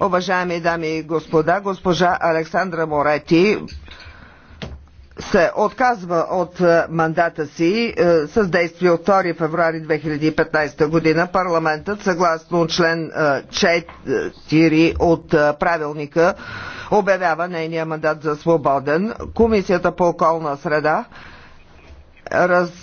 Уважаеми дами и господа, госпожа Александра Морети се отказва от е, мандата си е, с действие от 2 февруари 2015 година. Парламентът, съгласно член 4 е, от правилника, обявява нейния мандат за свободен. Комисията по околна среда раз